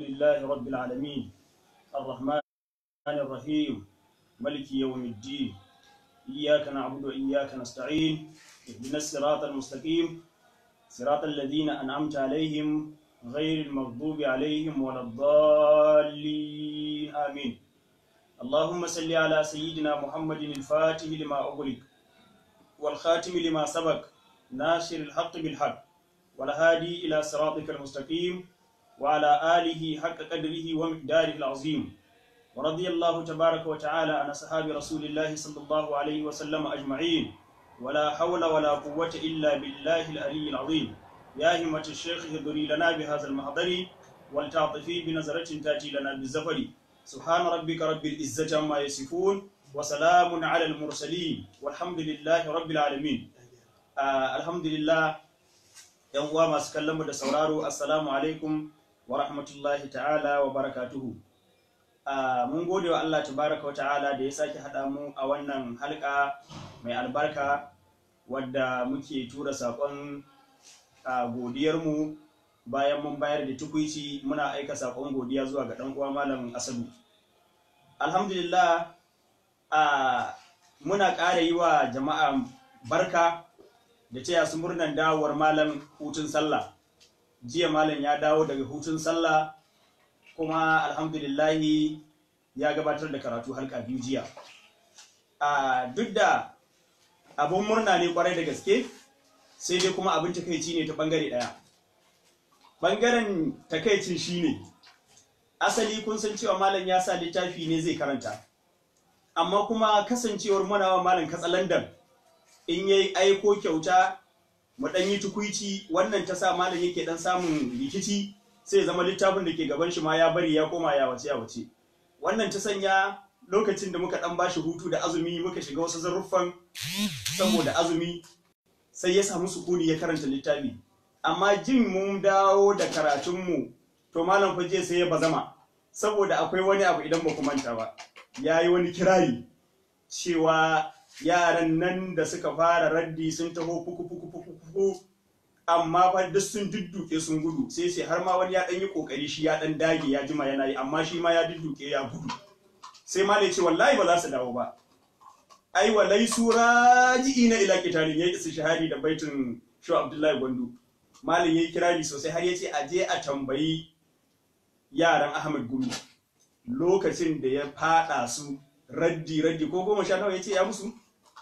لله رب العالمين الرحمن الرحيم ملك يوم الدين إياك نعبد وإياك نستعين اهدنا الصراط المستقيم صراط الذين أنعمت عليهم غير المغضوب عليهم ولا الضالين آمين اللهم صل على سيدنا محمد الفاتح لما أغلق والخاتم لما سبق ناشر الحق بالحق والهادي إلى صراطك المستقيم وعلى آله حق قدره ومقداره العظيم ورضي الله تبارك وتعالى عن أصحاب رسول الله صلى الله عليه وسلم أجمعين ولا حول ولا قوة إلا بالله العلي العظيم يا همة الشيخ اهدري لنا بهذا المحضر ولتعطفي بنظرة تأتي لنا بالزفر سبحان ربك رب العزة عما يصفون وسلام على المرسلين والحمد لله رب العالمين آه الحمد لله yan uwa masu kallon mu da sauraro assalamu alaikum wa rahmatullahi ta'ala wa barakatuhu mun gode wa Allah tabaraka wa ta'ala da ya sake hada mu a wannan halka mai albarka wadda muke tura saƙon mu bayan mun bayar da tukuici muna aika saƙon godiya zuwa ga ɗan uwa malamin asabu alhamdulillah a muna ƙara yi wa jama'a barka da taya su murnan dawowar malam hutun sallah jiya malam ya dawo daga hutun sallah kuma alhamdulillahi ya gabatar da karatu halka biyu jiya A duk da abin murna ne kwarai da gaske sai dai kuma abin takaici ne ta bangare daya bangaren takaicin shine asali kun san cewa malam ya sa littafi ne zai karanta amma kuma kasancewar manawa malam katsalandan in yayi aiko kyauta mu ɗan yi tukuici wannan ta sa malam yake dan samun rikici sai zama littafin da ke gaban shi ma ya bari ya koma ya wace ya wace wannan ta sanya lokacin da muka dan bashi hutu da azumi muka shiga wasu zarruffan saboda azumi sai ya samu sukuni ya karanta littafi amma jin mun dawo da karatun mu to malam faje sai ya bazama saboda akwai wani abu idan ba ku manta ba yayi wani kirayi, cewa yaran nan da suka fara raddi sun taho fuku fuku fuku fuku amma fa duk sun dudduke sun gudu sai sai har ma wani ya dan yi kokari shi ya dan dage ya jima yana yi amma shi ma ya dudduke ya gudu sai ma ce wallahi ba za su dawo ba ai wa laisu raji'ina ila kitalin yayi istishhadi da baitin shu abdullahi gwandu malin yayi kirari sosai har yace aje a tambayi yaran ahmad gulu lokacin da ya fada su raddi raddi ko goma sha nawa yace ya musu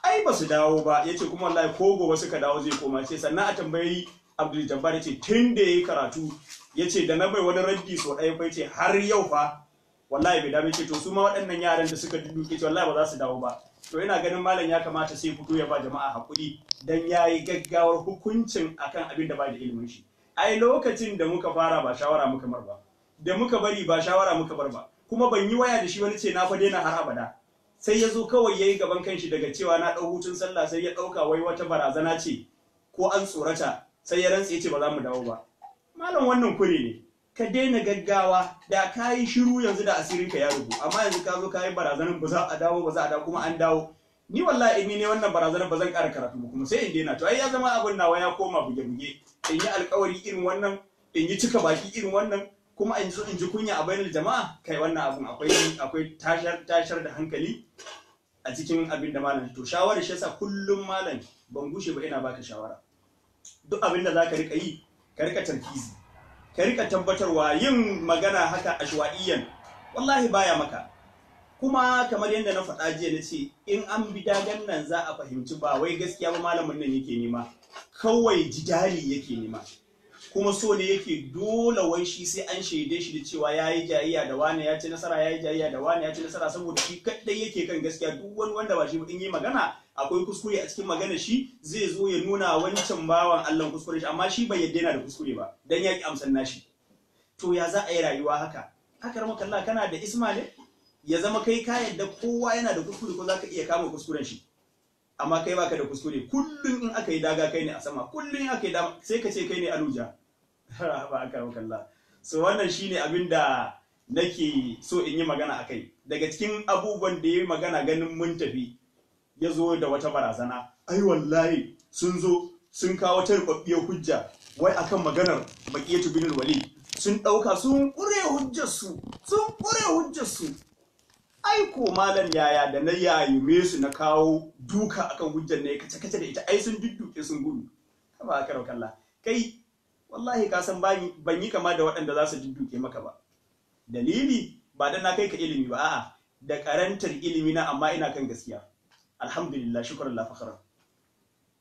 ai ba su dawo ba ya ce. kuma wallahi ko gobe suka dawo zai koma ce sannan a tambayi Abdul Jabbar ce, tun da ya yi karatu ya ce da na bai wani raddi so ɗaya bai ce, har yau fa wallahi bai dame ce to su ma waɗannan yaran da suka ke ce wallahi ba za su dawo ba to ina ganin malam ya kamata sai fito ya ba jama'a hakuri dan yayi gaggawar hukuncin akan abin da ba da ilimin shi ai lokacin da muka fara ba shawara muka mar ba da muka bari ba shawara muka bar ba kuma ban yi waya da shi wani ce na fa daina har abada sai ya zo kawai ya yi gaban kanshi daga cewa na ɗau hutun sallah sai ya ɗauka wai wata barazana ce ko an tsorata sai ya rantse ce ba za mu dawo ba malam wannan kure ne ka daina gaggawa da ka yi shiru yanzu da asirin ka ya rubu amma yanzu ka zo ka yi barazanar ba za a dawo ba za a dawo kuma an dawo ni wallahi ni ne wannan barazanar ba zan ƙara karatu kuma sai in daina to ai ya zama abin nawa ya koma buge-buge in yi alkawari irin wannan in yi cika baki irin wannan kuma in so in ji kunya a bainar jama'a kai wannan abin akwai akwai tashar tashar da hankali a cikin abin da malam to shawara shi yasa kullum malam ban gushe ba ina baka shawara duk abin da zaka rika yi ka rika tantizi ka rika tabbatarwa yin magana haka ashwaiyan wallahi baya maka kuma kamar yadda na faɗa jiya na ce in an bi dagan nan za a fahimci ba wai gaskiya ba malamin nan yake nema kawai jidali yake nema kuma so ne yake dole wai shi sai an shaide shi da cewa ya yi jayayya da wane ya ci nasara ya yi jayayya da wane ya ci nasara saboda shi kaɗai yake kan gaskiya duk wani wanda ba shi in yi magana akwai kuskure a cikin magana shi zai zo ya nuna wancan bawan Allah kuskure shi amma shi bai yadda yana da kuskure ba dan ya ki amsan nashi to ya za a yi rayuwa haka haka ramaka Allah kana da isma ya zama kai ka yadda kowa yana da kuskure ko zaka iya kama kuskuren shi amma kai baka da kuskure kullun in aka yi daga kai ne a sama kullun aka yi dama sai ka ce kai ne aluja ba aka maka kalla so wannan shine abin da nake so in yi magana akai daga cikin abubuwan da ya magana ganin mun tafi ya zo da wata barazana ai wallahi sun zo sun kawo wata rubabbiyar hujja wai akan maganar makiyatu bin wali sun dauka sun kure hujjarsu sun kure hujjar su ai ko malam yaya da na yayume su na kawo duka akan hujjar ne kace kace da ita ai sun dudduke sun gudu kama aka raukalla kai wallahi ka san ban yi kama da waɗanda za su dudduke maka ba dalili ba dan na kai ka ilimi ba a'a da karantar ilimi na amma ina kan gaskiya alhamdulillah shukran la fakhra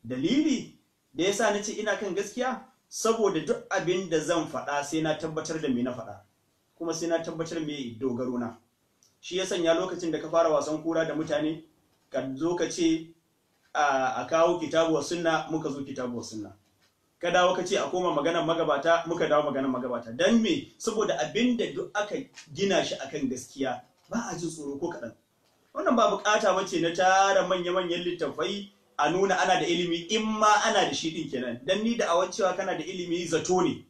dalili da yasa nace ina kan gaskiya saboda duk abin da zan faɗa sai na tabbatar da me na faɗa kuma sai na tabbatar me dogaro na shi ya sanya lokacin da ka fara wasan kura da mutane ka zo ka ce a kawo kitabuwar sunna muka zo kitabuwa sunna ka dawo ka ce a koma maganar magabata muka dawo maganar magabata dan me saboda abin da duk aka gina shi akan gaskiya ba a jin tsoro ko kaɗan wannan ba bukata bace na tara manya-manyan littattafai a nuna ana da ilimi in ma ana da shi ɗin kenan dan ni da awancewa cewa kana da ilimi zato ne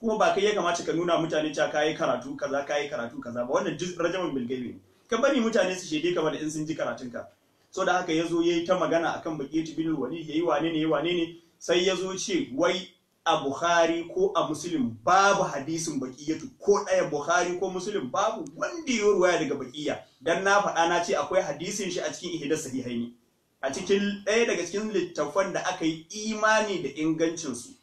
kuma ba kai ya kamata ka nuna mutane cewa kayi karatu kaza kayi karatu kaza ba wannan rajaman bilgabi ne ka bari mutane su shaide kamar in sun ji karatun ka so da haka yazo yayi ta magana akan baqiyatu bin walid yayi wane ne yayi wane ne sai yazo ce wai a Bukhari ko a Muslim babu hadisin baqiyatu ko ɗaya Bukhari ko Muslim babu wanda ya ruwaya daga baqiya dan na faɗa na ce akwai hadisin shi a cikin ihdas sahihaini a cikin ɗaya daga cikin littafan da aka yi imani da ingancinsu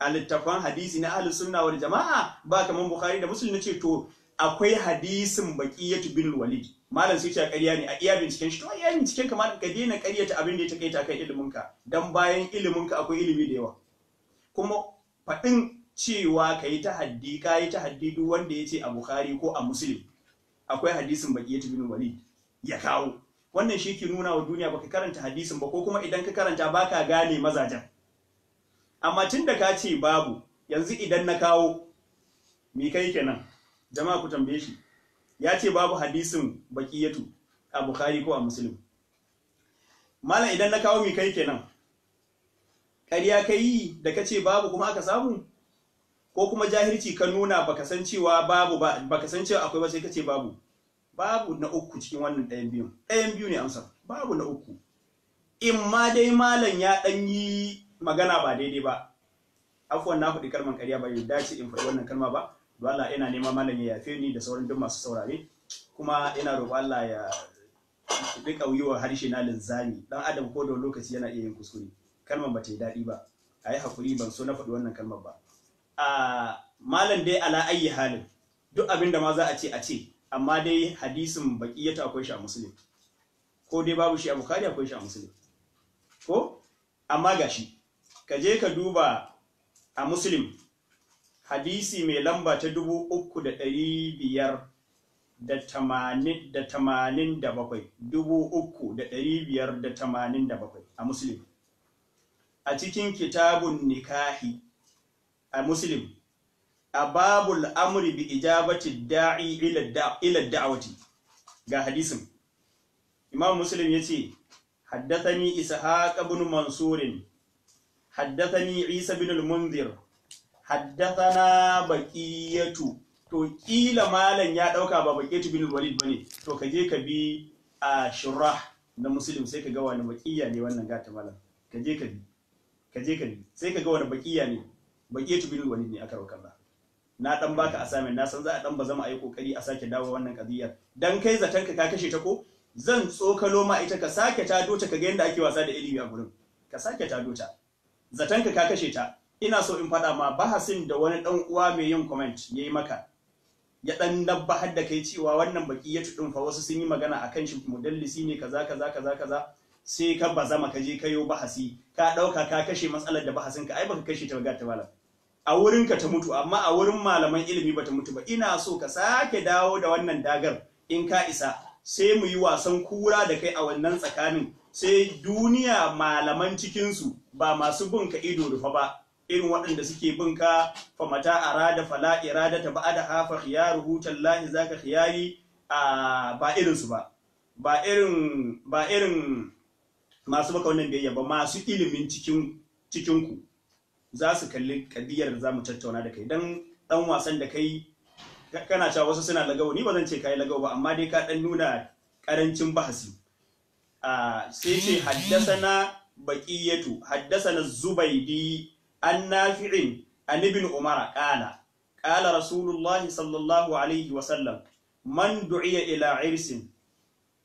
a littafan hadisi na ahli sunna wal jama'a ba kaman bukhari da muslim nace to akwai hadisin baqiyatu bin walid malam sai ya ƙarya ne a iya binciken shi to iya binciken ka ka daina ƙaryata abin da ya takaita kan ilimin ka dan bayan ilimin ka akwai ilimi da yawa kuma faɗin cewa ka yi haddi kai ta haddi duk wanda ya ce a bukhari ko a muslim akwai hadisin baqiyatu bin walid ya kawo wannan shi ke nuna wa duniya baka karanta hadisin ba ko kuma idan ka karanta baka gane mazajen amma tun da ka ce babu yanzu idan na kawo me kai kenan jama'a ku tambaye shi ya ce babu hadisin baqiyatu a bukhari ko a muslim Malam idan na kawo me kai kenan ƙarya ka yi da ka ce babu kuma aka samu ko kuma jahilci ka nuna baka san cewa babu baka san cewa akwai ba sai ka ce babu babu na uku cikin wannan ɗayan biyun ɗayan biyu ne amsa babu na uku in ma dai malam ya ɗan yi magana ba daidai ba afuwan na faɗi kalman ƙarya ba ya dace in faɗi wannan kalma ba to Allah ina nema malam ya yafe ni da sauran duk masu saurare kuma ina roƙo Allah ya rika wa harshe na linzami dan adam ko da lokaci yana iya yin kuskure kalmar ba ta yi daɗi ba a yi hakuri ban so na faɗi wannan kalmar ba a malam dai ala ayi halin duk abinda ma za a ce a ce amma dai hadisin ya akwai shi a musulun ko dai babu shi a bukari akwai shi a ko amma gashi ka je ka duba a muslim hadisi mai lamba ta dubu uku da ɗari biyar da tamanin da bakwai dubu uku da ɗari biyar da tamanin da bakwai a muslim a cikin kitabun nikahi a muslim a babul amri bi ijabati da'i ila da'awati ga hadisin imam muslim ni haddathani haƙa bin mansurin haddathani isa bin al-munzir haddathana baqiyatu to kila malam ya dauka ba baqiyatu bin al-walid bane to kaje ka bi a shurah na muslim sai ka ga wani baqiya ne wannan gata malam ka je ka bi ka je ka bi sai ka ga wani baqiya ne baqiyatu bin al-walid ne aka rauka ba na dan baka assignment na san za a dan ba zama ai kokari a sake dawo wannan kadiyar dan kai zatan ka ka kashe ta ko zan tsokalo ma ita ka sake ta dota ka ga yanda ake wasa da ilimi a gurin ka sake ta dota zatanka ka kashe ta ina so in faɗa ma bahasin da wani ɗan uwa mai yin comment ya yi maka ya ɗan dabba har da kai cewa wannan baki ya tudun fa wasu sun yi magana akan shi mudallisi ne kaza kaza kaza kaza sai ka bazama ka je kayo bahasi ka ɗauka ka kashe matsalar da bahasin ka ai baka kashe ta ga ta malam a wurin ka ta mutu amma a wurin malaman ilimi bata mutu ba ina so ka sake dawo da wannan dagar in ka isa sai mu yi wasan kura da kai a wannan tsakanin sai duniya malaman cikinsu ba masu bin ido rufa ba irin waɗanda suke bin ka fa mata arada fala irada ta ba da hafa khiyaruhu lahi zaka khiyari a ba irin su ba ba irin masu baka wannan biyayya ba masu ilimin cikinku. cikin za su kalli kadiyar da zamu tattauna da kai dan dan wasan da kai kana cewa wasu suna lagawa ni ba zan ce kai lagawa ba amma dai ka ɗan nuna karancin bahasi Ah, sai ce haddasa na haddasana zubaidi an nafi'in an nibin umara ƙala ƙala rasulullahi sallallahu alaihi wa sallam man du'iya ila irsin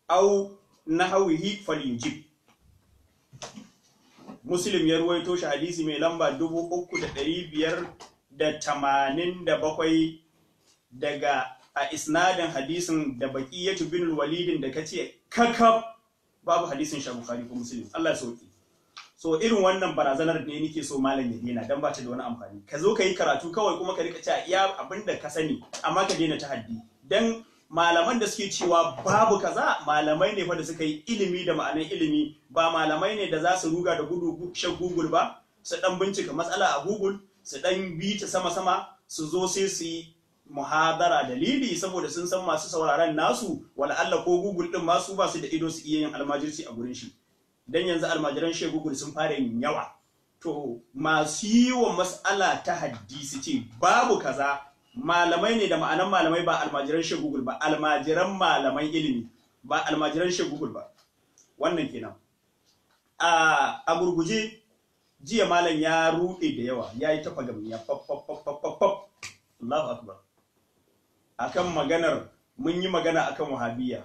aw nahawihi falyujib muslim ya ruwaito shi hadisi mai lamba bakwai daga a isnadin hadisin da baqiyatu bin walidin da ka kace kakab babu hadisin shi bukhari ko muslim Allah ya sauki so irin wannan barazanar ne nake so malam ya daina dan ba ta da wani amfani ka zo ka yi karatu kawai kuma ka rika cewa iya abin da ka sani amma ka daina ta haddi. dan malaman da suke cewa babu kaza malamai ne fa da suka yi ilimi da ma'anar ilimi ba malamai ne da za su ruga da gudu shan google ba su dan bincika matsala a google su dan bi ta sama sama su zo sai su yi muhadara dalili saboda sun san masu sauraron nasu wala Allah ko Google din masu ba su da ido su iya yin almajirci a gurin shi dan yanzu almajiran shi Google sun fara yin yawa to masu yi wa mas'ala ta haddisi ce babu kaza malamai ne da ma'anan malamai ba almajiran shi Google ba almajiran malaman ilimi ba almajiran shi Google ba wannan kenan a a gurguje jiya malam ya ruɗe da yawa ya yi ta gam ya akan maganar mun yi magana akan wahabiyya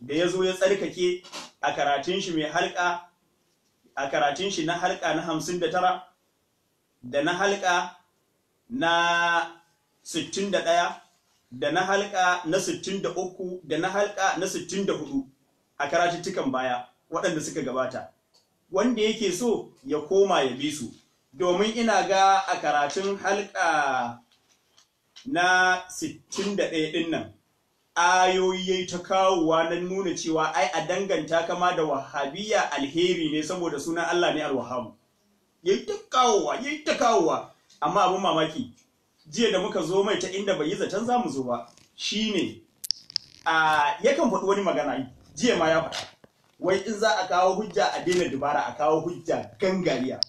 da ya zo ya tsarkake a karatun shi mai halka a karatun shi na halka na hamsin da tara da na halka na sittin da ɗaya da na halka na sittin da uku da na halka na sittin da hudu a karatuttukan baya waɗanda suka gabata wanda yake so ya koma ya bi su domin ina ga a karatun halka na 61 din nan ayoyi yayi ta kawowa na nuna cewa ai a danganta kama da wahabiyya alheri ne saboda sunan Allah ne alwahamu yayi ta kawowa yayi ta kawowa amma abin mamaki jiya da muka zo mai ta inda bai yi zaton zamu zo ba shine a yakan faɗi wani magana jiya ma ya faɗa wai in za a kawo hujja a daina dubara a kawo hujja gangariya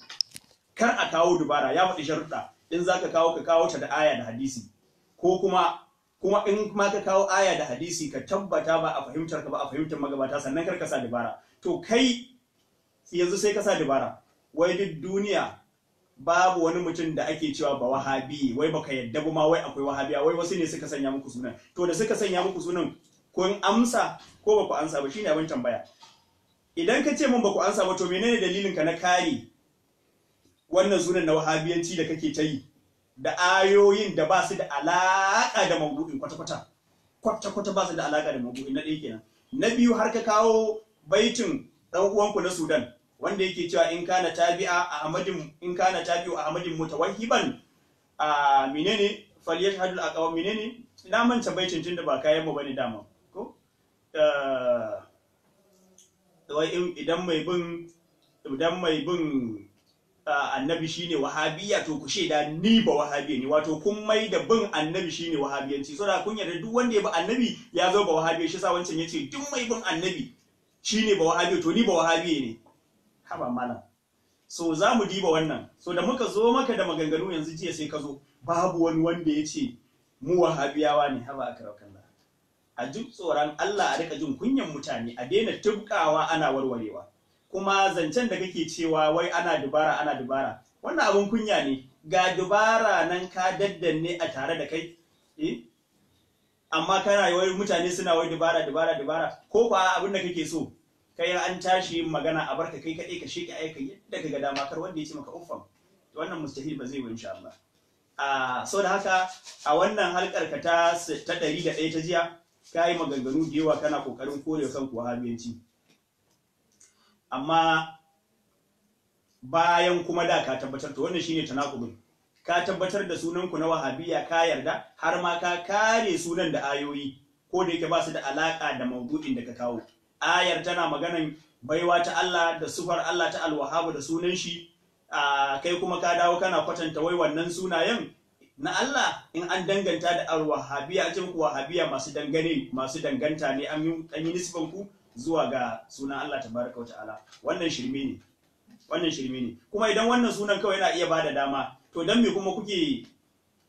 kar a kawo dubara ya faɗi sharuɗa in za ka kawo ka kawo ta da aya da hadisi ko kuma kuma in ma ka kawo aya da hadisi ka tabbata ba a fahimtar ka ba a fahimtar magabata sannan kar ka sa dabara to kai yanzu sai ka sa dabara wai duk duniya babu wani mutum da ake cewa ba wahabi wai baka yadda ba ma wai akwai wahabiya wai wasu ne suka sanya muku sunan to da suka sanya muku sunan kun amsa ko ba ku amsa ba shine abin tambaya idan ka ce min ba ku amsa ba to menene dalilin ka na kare wannan sunan na wahabiyanci da kake ta yi da ayoyin da ba su da alaƙa da maudu'in kwata-kwata kwata-kwata ba su da alaƙa da maudu'in na ɗaya kenan na biyu har ka kawo baitin ɗan uwanku na Sudan wanda yake cewa in kana tabi'a Ahmadin in kana tabi'u Ahmadin mutawahhiban a menene falyashhadul aqwa menene na manta baitin tun da ba kayan mu bane dama ko idan mai bin idan mai bin annabi shine wahabiyya to ku shaida ni ba wahabiyya ne wato kun mai da bin annabi shine wahabiyanci so da kun yarda duk wanda ya bi annabi ya zo ba wahabiyya shi sa wancan yace duk mai bin annabi shine ba wahabiyya to ni ba wahabiyya ne haba malam so za mu diba wannan so da muka zo maka da maganganu yanzu jiya sai ka zo babu wani wanda ya ce mu wahabiyawa ne haba akramakallah a duk tsoron Allah a rika jin kunyan mutane a daina tubkawa ana warwarewa kuma zancen da kake cewa wai ana dubara ana dubara wannan abin kunya ne ga dubara nan ka daddanne a tare da kai eh? amma kana wai mutane suna wai dubara dubara dubara ko fa abin da kake so kai an tashi magana a barka kai kaɗai ka sheke aika yadda ka ga dama kar wanda ya ce maka uffam wannan mustahil ba zai yi insha Allah a so da haka a wannan halkar ka ta ɗaya ta jiya ka yi maganganu da yawa kana kokarin kore kanku habiyanci amma bayan kuma da ka tabbatar to wannan shine tanakubin ka tabbatar da sunan ku na wahabiya ka yarda har ma ka kare sunan da ayoyi ko da yake ba su da alaka da maudu'in da ka kawo ayar tana maganan baiwa ta Allah da sufar Allah ta alwahabu da sunan shi kai kuma ka dawo kana kwatanta wai wannan sunayen na Allah in an danganta da alwahabiyya a cikin wahabiya masu dangane masu danganta ne an yi nisbanku ku zuwa ga sunan Allah tabaraka wa ta'ala wannan shirme ne wannan shirme ne kuma idan wannan sunan kawai yana iya bada dama to dan me kuma kuke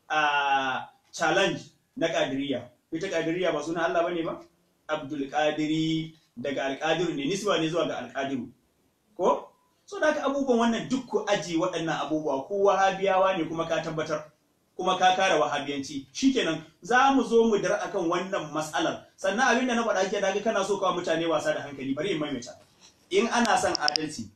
a challenge na kadiriya ita kadiriya ba sunan Allah bane ba Abdul Qadiri daga alƙadiru ne nisba ne zuwa ga alƙadiru ko so da abubuwan wannan duk ku aji waɗannan abubuwa ko wahabiyawa ne kuma ka tabbatar kuma ka kare wahabiyanci shikenan za mu zo mu dar akan wannan matsalar sannan abin da na faɗa ke daga kana so kawo mutane wasa da hankali bari in maimaita in ana son adalci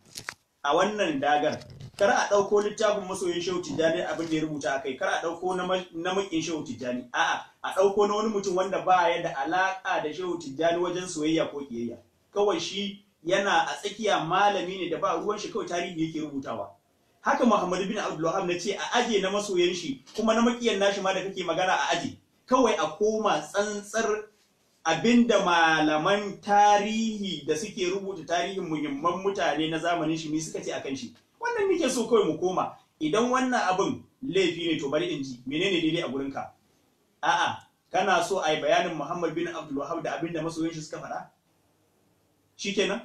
a wannan dagar kar a ɗauko littafin masoyin shehu tijjani abin da ya rubuta a kai kar a ɗauko na mukin shehu tijjani a'a a ɗauko na wani mutum wanda ba ya da alaka da shehu tijjani wajen soyayya ko kiyayya kawai shi yana a tsakiya malami ne da ba ruwan shi kawai tarihi yake rubutawa haka Muhammad bin Abdul na ce a aje na masoyan shi kuma na makiyan nashi ma da kake magana a aje kawai a koma tsantsar abinda malaman tarihi da suke rubuta tarihin muhimman mutane na zamanin shi ne suka ce akan shi wannan nake so kawai mu koma idan wannan abin laifi ne to bari in ji menene daidai a gurin ka a'a kana so a yi bayanin Muhammad bin Abdul da abinda masoyan shi suka faɗa shikenan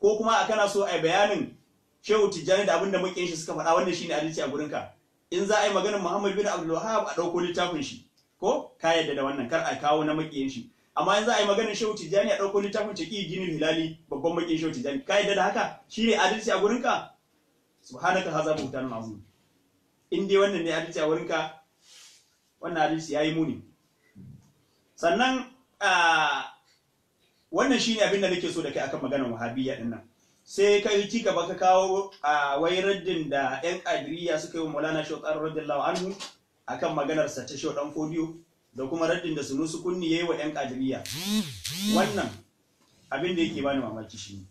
ko kuma a kana so a yi bayanin shehu tijjani da abinda muke shi suka faɗa wannan shine adalci a gurin ka in za a yi maganar muhammad bin abdul wahab a ɗauko littafin shi ko ka yadda da wannan kar a kawo na muke shi amma in za a yi maganar shehu tijjani a ɗauko littafin taki ginin hilali babban makiyin shehu tijjani ka yadda da haka shine adalci a gurin ka subhanaka hadha buhtanun azim in dai wannan ne adalci a gurin ka wannan adalci yayi muni sannan ah, wannan shine abin da nake so da kai akan maganar wahabiyya din nan sai ka yi ci gaba ka kawo a wai raddin da yan kadiriya suka yi wa maulana shokar radiyallahu anhu akan maganarsa ta shodan fodiyo da kuma raddin da su ya yi wa yan kadiriya wannan abin da yake bani mamaki shi ne.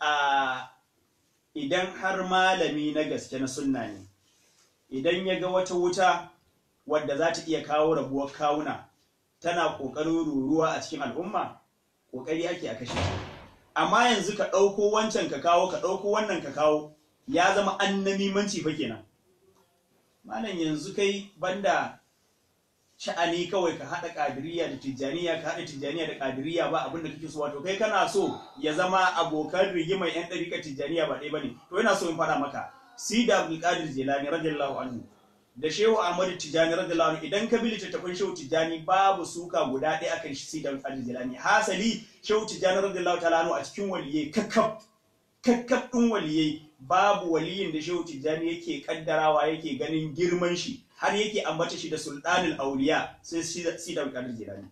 a idan har malami na gaske na sunna ne idan ya ga wata wuta wadda za ta iya kawo rabuwar kawuna tana ƙoƙarin ruruwa a cikin al'umma ƙoƙari ake a kashe ta amma yanzu ka ɗauko wancan ka kawo ka ɗauko wannan ka kawo ya zama annamimanci fa kenan malam yanzu kai banda sha'ani kawai ka haɗa ƙadiriya da tijjaniya ka haɗa tijjaniya da ƙadiriya ba abinda kake so wato kai kana so ya zama abokan rigimar yan ɗariƙar tijjaniya ba ɗaya ne to yana so in fara maka sida abdul qadir jilani radiyallahu anhu da shehu ahmadu tijani radiyallahu idan ka bi littattafan shehu tijani babu suka guda ɗaya akan shi sidan al-jilani hasali shehu tijani radiyallahu ta'ala a cikin waliyai kakkab din waliyai babu waliyin da shehu tijani yake kaddarawa yake ganin girman shi har yake ambata shi da sultanul auliya sai sidan al-jilani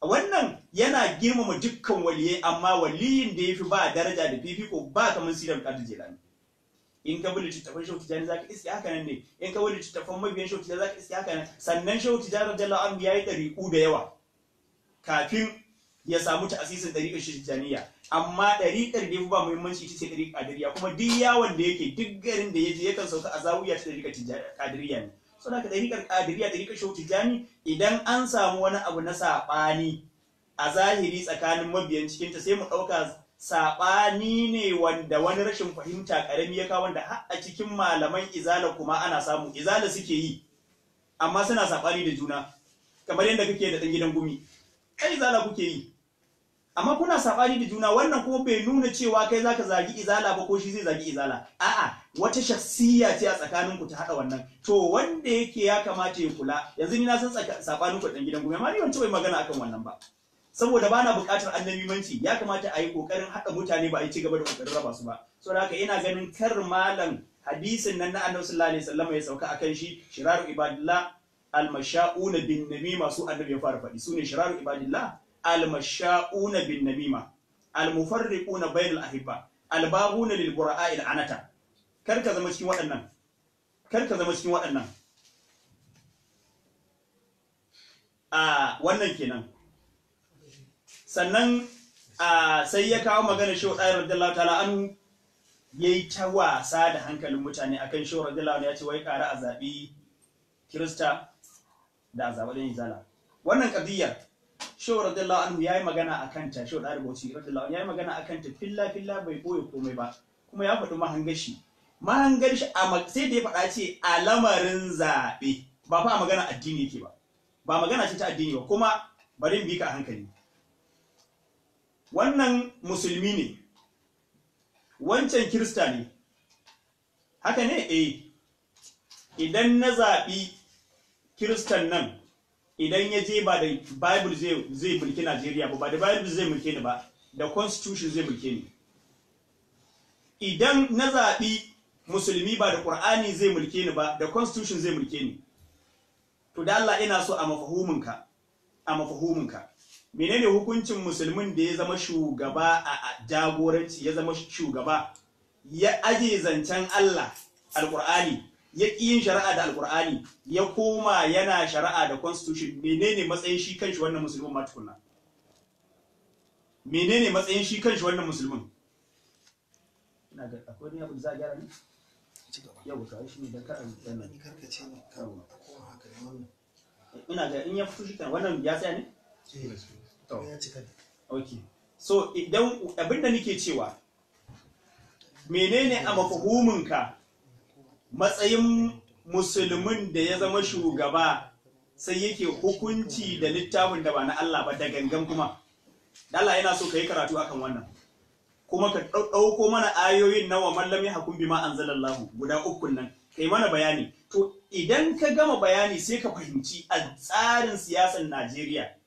wannan yana girmama dukkan waliyai amma waliyin da yafi ba daraja da fifiko ba kamar sidan al-jilani in ka bi littattafan shehu tijani zaka iske haka nan ne in ka bi littattafan mabiyan shehu tijani zaka iske haka nan sannan shehu tijani ya yi ɗari dariku da yawa kafin ya samu ta'asisin dariƙar shi tijaniya amma dariƙar da yafi ba muhimmanci ita ce dariƙar qadiriyya kuma duk yawon da yake duk garin da yaje yakan sauka a zawiya ta dariƙar qadiriyya ne so da dariƙar qadiriyya dariƙar shehu tijani idan an samu wani abu na saɓani a zahiri tsakanin mabiyan cikinta sai mu ɗauka saɓani ne wanda wani rashin fahimta ƙarami ya kawo wanda har a cikin malaman izala kuma ana samu izala suke yi amma suna saɓani da juna kamar yadda kake da ɗan gidan gumi kai izala kuke yi amma kuna saɓani da juna wannan kuma bai nuna cewa kai zaka zagi izala ba ko shi zai zagi izala a'a wata shakhsiyya ce a tsakanin ku ta haɗa wannan to wanda yake ya kamata ya kula yanzu ni na san saɓanin ku ɗan gidan gumi amma ni ban magana akan wannan ba saboda bana buƙatar annabimanci ya kamata a yi ƙoƙarin haɗa mutane ba a yi ci gaba da ƙoƙarin raba su ba saboda haka ina ganin kar malam hadisin nan na annabi sallallahu alaihi wasallam ya sauka akan shi shiraru ibadillah almasha'una bin namima su annabi ya fara faɗi sune shiraru ibadillah almasha'una bin namima almufarriquna bainal ahibba albabuna lil bura'a'il anata kar ka zama cikin waɗannan kar ka zama cikin waɗannan a ah, wannan kenan sannan sai ya kawo magana shi wadai radiyallahu ta'ala ya yayi ta wasa da hankalin mutane akan shi radiyallahu ya ce wai kare a zabi kirista da a zabi dan izala wannan qadiyya shi radiyallahu anhu yayi magana akan ta shi da rubuci radiyallahu yayi magana akan ta filla filla bai boye komai ba kuma ya faɗi mahangashi mahangashi sai da ya faɗa ce a lamarin zaɓe ba fa magana addini ke ba ba magana ce ta addini ba kuma bari bi ka hankali wannan musulmi ne wancan kirista ne haka ne eh idan na zaɓi kiristan nan idan ya je ba da bible zai mulki najeriya ba ba da bible zai mulke ni ba da constitution zai mulke ni idan na zaɓi musulmi ba da ƙur'ani zai mulke ni ba da constitution zai mulke ni to da Allah ina so a mafahuminka a mafahuminka menene hukuncin musulmin da ya zama shugaba a jagoranci ya zama shugaba ya aje zancen Allah alkur'ani ya yin shari'a da alkur'ani ya koma yana shari'a da constitution menene matsayin shi kanshi wannan musulmin ma tukunna menene matsayin shi kanshi wannan musulmin ina ga akwai ne abu za gyara ne yau ta shi ne da karan wannan ni karkace ne kawai. ko haka ne wannan ina ga in ya fito shi kan wannan ya tsaya ne so idan abinda nake cewa menene a mafahuminka matsayin musulmin da ya zama shugaba sai yake hukunci da littafin da ba na Allah ba da gangan kuma dala yana so ka yi karatu akan wannan kuma ka ɗauko mana ayoyin nawa wa hakumbi ya hakun bima guda ukun nan ka yi mana bayani to idan ka gama bayani sai ka fahimci a tsarin siyasar Najeriya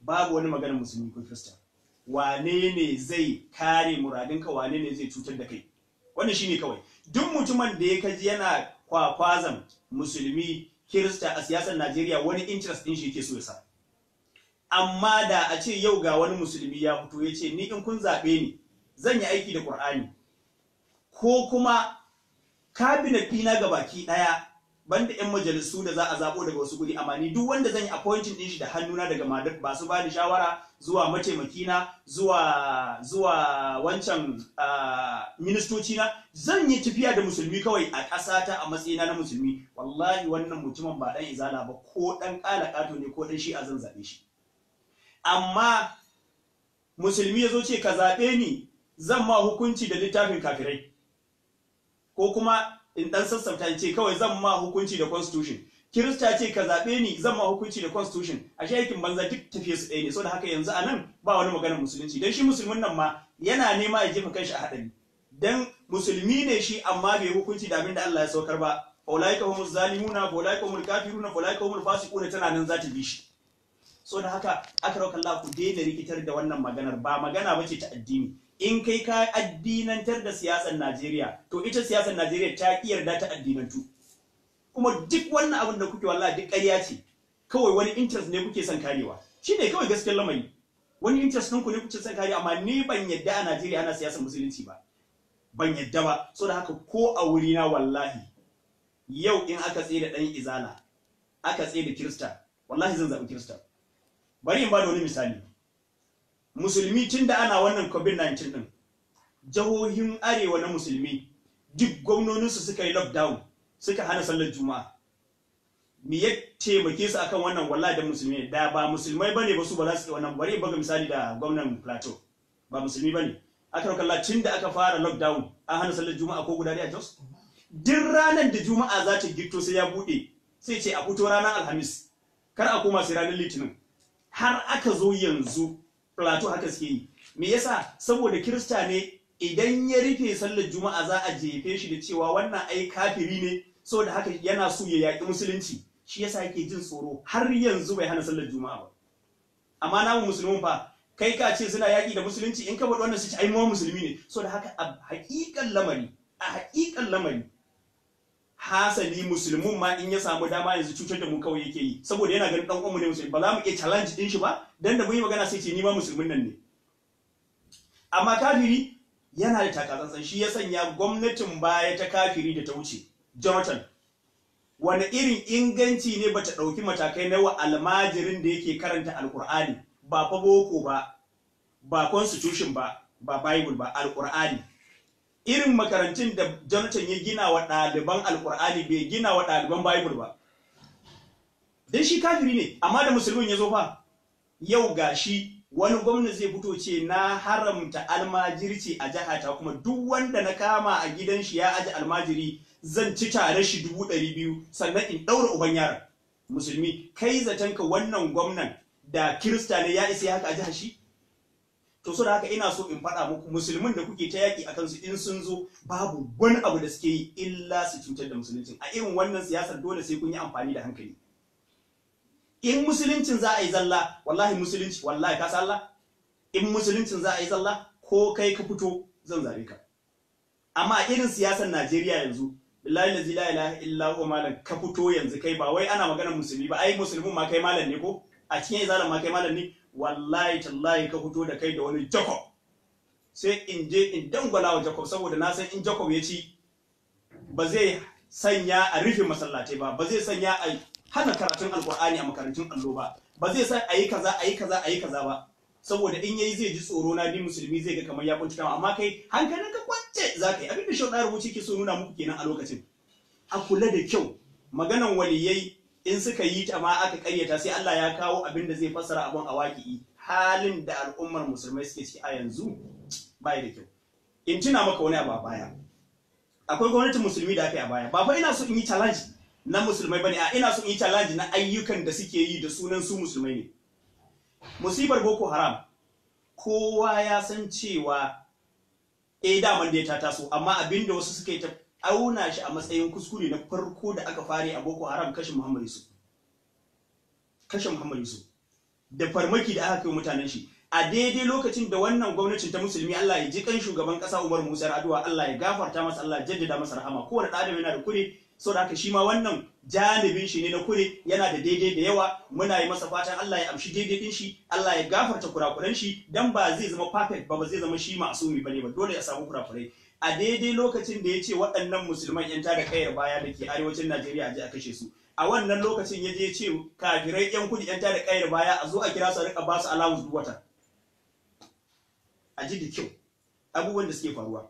babu wani maganin musulmi ko kirista wane ne zai kare muradinka wane ne zai cutar da kai wannan shine kawai duk mutumin da ya kaji yana kwakwazan musulmi kirista a siyasar Najeriya wani interest din shi yake so ya sa amma da a ce yau ga wani musulmi ya fito ya ce ni in kun zaɓe ni zan yi aiki da Qur'ani ko kuma kabinet ɗina ga baki ɗaya banda yan majalisu da za a zabo daga wasu guri amma ni duk wanda zan yi appointing din shi da hannuna daga madrid ba su bani shawara zuwa mataimakina zuwa zuwa wancan ministoci na zan yi tafiya da musulmi kawai a ƙasata a matsayina na musulmi wallahi wannan mutumin ba dan izala ba ko dan kala kato ne ko dan shi a zan zaɓe shi amma musulmi yazo ce ka zaɓe ni zan ma hukunci da littafin kafirai ko kuma in dan sassauta ce kawai zan ma hukunci da constitution kirista ce ka zaɓe ni zan ma hukunci da constitution a aikin banza duk tafiye su ɗaya ne saboda haka yanzu a ba wani maganar musulunci dan shi musulmin nan ma yana nema ya jefa kanshi a haɗari dan musulmi ne shi amma bai hukunci da abin da Allah ya saukar ba ulaika humuz zalimuna ulaika humul kafiruna ulaika humul fasiquna tana nan za ta bi shi so haka aka rauka ku daina rikitar da wannan maganar ba magana bace ta addini in kai ka addinantar da siyasar Najeriya to ita siyasar Najeriya ta ki yarda ta addinantu kuma duk wannan abin da kuke wallahi duk ƙarya ce kawai wani interest ne kuke son karewa shine kawai gaskiyar lamari wani interest ɗin ku ne kuke son karewa. amma ni ban yadda a Najeriya ana siyasar musulunci ba ban yadda ba so da haka ko a wuri na wallahi yau in aka tsaye da ɗan izala aka tsaye da kirista wallahi zan zaɓi kirista bari in ba da wani misali musulmi tun da ana wannan covid-19 din jihohin arewa na musulmi duk gwamnoninsu suka yi lockdown suka hana sallar juma'a mi ya taimake su akan wannan walla da musulmi da ba musulmai bane ba su ba za su wannan bari baga misali da gwamnan plateau ba musulmi bane aka rauka latin da aka fara lockdown an hana sallar juma'a ko guda ne a jos duk ranar da juma'a za ta gito sai ya bude sai ce a fito ranar alhamis kar a koma sai ranar litinin har aka zo yanzu plato haka suke yi me yasa saboda kirista ne idan ya rufe sallar juma'a za a jefe shi da cewa wannan ai kafiri ne saboda haka yana so ya yaƙi musulunci shi yasa yake jin tsoro har yanzu bai hana sallar juma'a ba amma namu musulmin fa kai ka ce suna yaƙi da musulunci in ka faɗi wannan su ci ai musulmi ne saboda haka a haƙiƙan lamari a haƙiƙan lamari hasali musulmun ma in ya samu dama yanzu cutar da mu kawai yake yi saboda yana ganin dan uwanmu ne musulmi ba za mu iya challenge din shi ba dan da mun yi magana sai ce ni ma musulmin nan ne amma kafiri yana da takatsantsan shi ya sanya gwamnatin baya ta kafiri da ta wuce Jonathan wani irin inganci ne bata ɗauki matakai na wa almajirin da yake karanta alkur'ani ba fa boko ba ba constitution ba ba bible ba alkur'ani irin makarantun da jonathan ya gina wa ɗaliban Alƙur'ani bai gina wa ɗaliban bible ba don shi kafiri ne amma da musulmin ya zo fa yau ga shi wani gwamna zai fito ce na haramta almajirci a jihata kuma duk wanda na kama a gidan shi ya aji almajiri zan ci tare shi dubu ɗari biyu sannan in ɗaura uban yaron musulmi kai zaton ka wannan gwamnan da kirista ne ya isa haka a jihar shi to so da haka ina so in faɗa muku musulmin da kuke ta yaƙi a kansu in sun zo babu wani abu da suke yi illa su cutar da musuluncin a irin wannan siyasar dole sai kun yi amfani da hankali in musuluncin za a yi zalla wallahi musulunci wallahi ka Allah in musuluncin za a yi zalla ko kai ka fito zan zabe ka amma a irin siyasar Najeriya yanzu billahi la ilaha illa huwa malam ka fito yanzu kai ba wai ana maganar musulmi ba ai musulmin ma kai malam ne ko a cikin izalan ma kai malam ne wallahi tallahi ka fito da kai da wani jacob sai in je in dangwala wa jacob saboda na san in jacob ya ci ba zai sanya a rufe masallatai ba ba zai sanya a hana karatun alkur'ani a makarantun allo ba ba zai san a yi kaza a yi kaza a yi kaza ba saboda in yayi zai ji tsoro na bi musulmi zai ga kamar ya kunci kama amma kai hankalin ka kwance za ka yi abin da shaudar rubuci ke so nuna muku kenan a lokacin a kula da kyau maganan waliyai in suka yi ta ma aka ƙayyata sai Allah ya kawo abin da zai fassara abun a waƙi'i halin da al'ummar musulmai suke ciki a yanzu bai da kyau in tuna maka wani abu a baya akwai gwamnatin musulmi da aka yi a baya ba fa ina so in yi challenge na musulmai bane a ina so in yi challenge na ayyukan da suke yi da sunan su musulmai ne musibar boko haram kowa ya san cewa eh daman da ta taso amma abin da wasu suka yi auna shi a matsayin kuskure na farko da aka fare a boko haram kashin muhammad yusuf kashin muhammad yusuf da farmaki da aka kai mutanen shi a daidai lokacin da wannan gwamnatin ta musulmi Allah ya ji kan shugaban kasa Umar Musa Raduwa Allah ya gafarta masa Allah ya jaddada masa rahama kowane da adam yana da kure so da haka shi ma wannan janibin shi ne na kure yana da daidai da yawa muna yi masa fatan Allah ya amshi daidai din shi Allah ya gafarta kurakuran shi dan ba zai zama perfect ba ba zai zama shi ma'asumi bane ba dole ya samu kurakurai a daidai lokacin da ya ce waɗannan musulman yan tada kayar baya da ke arewacin Najeriya a je a kashe su a wannan lokacin ya je ya ce kafirai yan kudi yan tada kayar baya a zo a kira su a rika ba su allowance duk a ji da kyau abubuwan da suke faruwa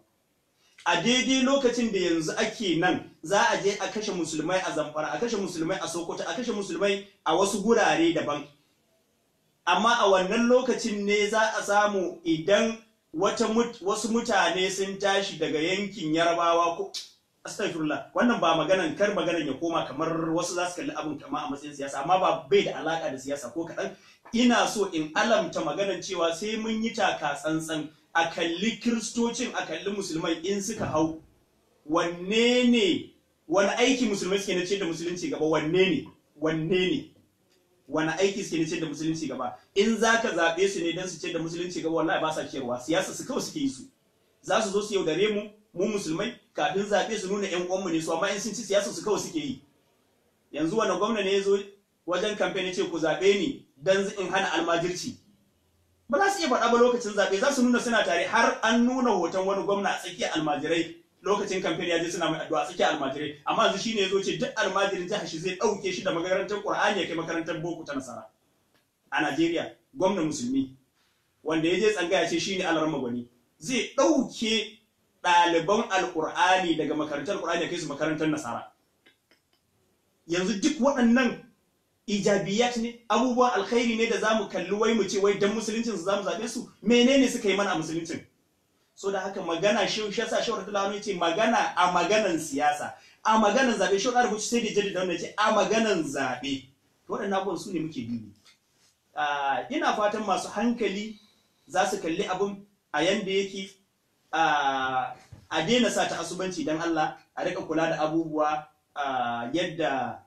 a daidai lokacin da yanzu ake nan za a je a kashe musulmai a zamfara a kashe musulmai a sokoto a kashe musulmai a wasu gurare daban amma a wannan lokacin ne za a samu idan wasu mutane sun tashi daga yankin Yarabawa? ko astagfirullah wannan ba maganan kar maganan ya koma kamar wasu za su kalli abin kama a matsayin siyasa amma ba bai da alaka da siyasa ko kaɗan ina so in alamta maganan cewa sai mun yi taka tsantsan a kalli kiristocin a kalli musulmai in suka hau wanne ne wani aiki musulmai suke na ce da musulunci gaba wanne ne wanne ne wani aiki suke na ce da musulunci gaba in za ka zaɓe su ne don su ce da musulunci gaba wallahi ba sa ciyarwa siyasa su kawai suke yi su za su zo su yaudare mu mu musulmai kafin zaɓe su nuna yan uwanmu ne su amma in sun ci siyasa su kawai suke yi yanzu wani gwamna ne ya zo wajen kamfe ne ce ku zaɓe ni don in hana almajirci ba za su iya faɗa ba lokacin zaɓe za su nuna suna tare har an nuna hoton wani gwamna a tsakiyar almajirai lokacin kamfen ya je suna mai addu'a tsakiyar almajirai amma yanzu shine yazo ce duk almajirin jihar shi zai ɗauke shi da makarantar Qur'ani ya kai makarantar boko ta nasara a Najeriya gwamna musulmi wanda ya je tsangaya ce shine alar Magwani zai ɗauke ɗaliban alƙur'ani daga makarantar ƙur'ani ya kai su makarantar nasara yanzu duk waɗannan ijabiyat ne abubuwan alkhairi ne da za mu kalli wai mu ce wai dan musuluncin su mu zabe su menene suka yi mana a musuluncin so da haka magana shi shi yasa shi radiyallahu lamu ce magana a maganan siyasa a maganan zabe shi da rubuci sai da da wannan ce a maganan zabe to waɗannan abubuwan su ne muke dubi ina fatan masu hankali za su kalli abun a yanda yake a daina sa ta asubanci don Allah a rika kula da abubuwa yadda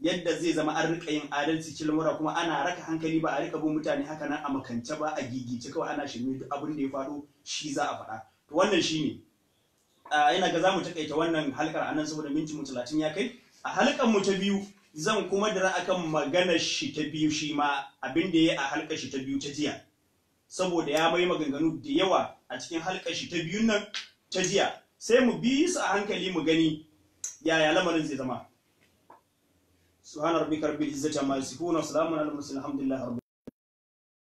yadda zai zama an rika yin adalci cikin lamura kuma ana raka hankali ba a rika bin mutane haka nan a makance ba a gigice kawai ana shirme duk abin da ya faɗo shi za a faɗa to wannan shine yana ga zamu takaita wannan a nan saboda minti mu 30 ya kai a halkar mu ta biyu zan kuma dira akan maganar shi ta biyu shi ma abin da ya a halkar shi ta biyu ta jiya saboda ya mai maganganu da yawa a cikin halkar shi ta biyun nan ta jiya sai mu bi su a hankali mu gani yaya lamarin zai zama سبحان ربك رب العزة عما يصفون وسلام على المرسلين الحمد لله رب